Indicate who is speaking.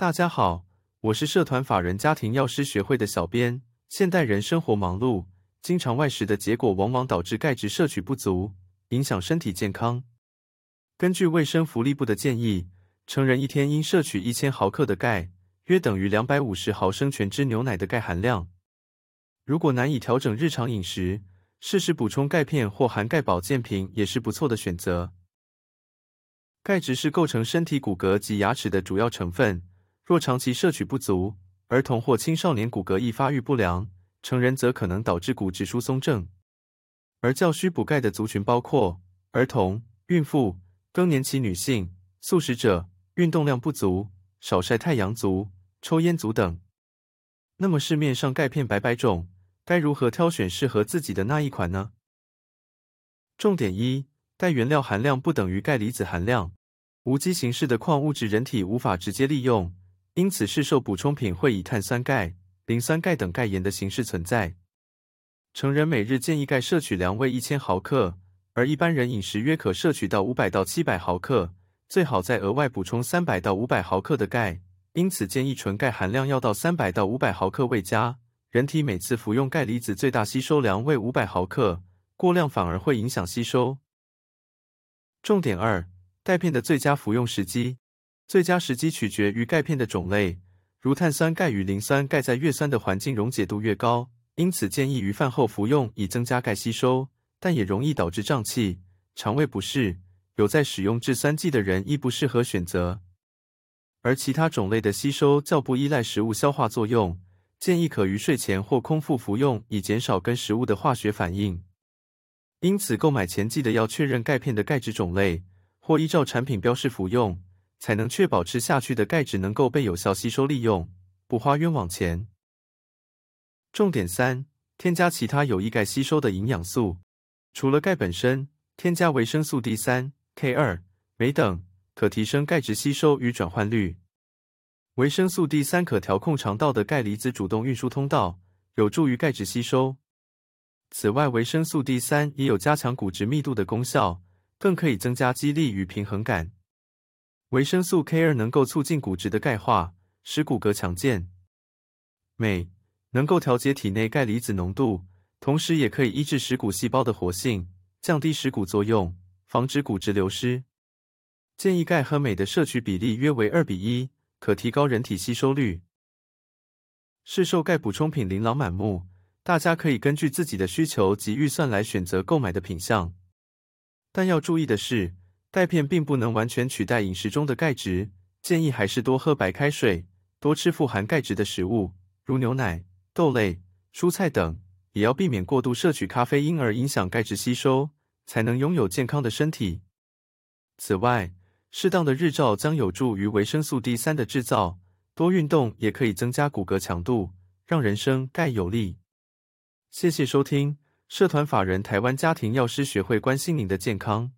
Speaker 1: 大家好，我是社團法人家庭藥師學會的小編。現代人生活忙碌，經常外食的結果，往往導致鈣質攝取不足，影響身體健康。根據衛生福利部的建議，成人一天應攝取一千毫克的鈣，約等於兩百五十毫升全脂牛奶的鈣含量。如果難以調整日常飲食，適時補充鈣片或含鈣保健品也是不錯的選擇。鈣質是構成身體骨骼及牙齒的主要成分。若長期攝取不足，兒童或青少年骨骼易發育不良，成人則可能導致骨質疏鬆症。而較需補鈣的族群包括兒童、孕婦、更年期女性、素食者、運動量不足、少曬太陽族、抽煙族等。那麼市面上鈣片百百種，該如何挑選適合自己的那一款呢？重點一，鈣原料含量不等於鈣離子含量，無機形式的礦物質人體無法直接利用。因此，市售補充品會以碳酸鈣、磷酸鈣等鈣鹽的形式存在。成人每日建議鈣攝取量為一千毫克，而一般人飲食約可攝取到五百到七百毫克，最好再額外補充三百到五百毫克的鈣。因此，建議純鈣含量要到三百到五百毫克為佳。人體每次服用鈣離子最大吸收量為五百毫克，過量反而會影響吸收。重點二：鈣片的最佳服用時機。最佳時機取決於鈣片的種類，如碳酸鈣與磷酸鈣在越酸的環境溶解度越高，因此建議於飯後服用以增加鈣吸收，但也容易導致脹氣、腸胃不適。有在使用制酸劑的人亦不適合選擇。而其他種類的吸收較不依賴食物消化作用，建議可於睡前或空腹服用以減少跟食物的化學反應。因此，購買前記得要確認鈣片的鈣質種類，或依照產品標示服用。才能確保吃下去的鈣質能夠被有效吸收利用，不花冤枉錢。重點三：添加其他有益鈣吸收的營養素，除了鈣本身，添加維生素 D3、K2、鎂等，可提升鈣質吸收與轉換率。維生素 D3 可調控腸道的鈣離子主動運輸通道，有助於鈣質吸收。此外，維生素 D3 也有加強骨質密度的功效，更可以增加肌力與平衡感。維生素 K 二能夠促進骨質的鈣化，使骨骼強健；鎂能夠調節體內鈣離子濃度，同時也可以抑制蝕骨細胞的活性，降低蝕骨作用，防止骨質流失。建議鈣和鎂的攝取比例約為二比一，可提高人體吸收率。市售鈣補充品琳琅滿目，大家可以根據自己的需求及預算來選擇購買的品項。但要注意的是，鈣片並不能完全取代飲食中的鈣質，建議還是多喝白開水，多吃富含鈣質的食物，如牛奶、豆類、蔬菜等，也要避免過度攝取咖啡因而影響鈣質吸收，才能擁有健康的身體。此外，適當的日照將有助於維生素 D 三的制造，多運動也可以增加骨骼強度，讓人生鈣有力。謝謝收聽，社團法人台灣家庭藥師學會關心您的健康。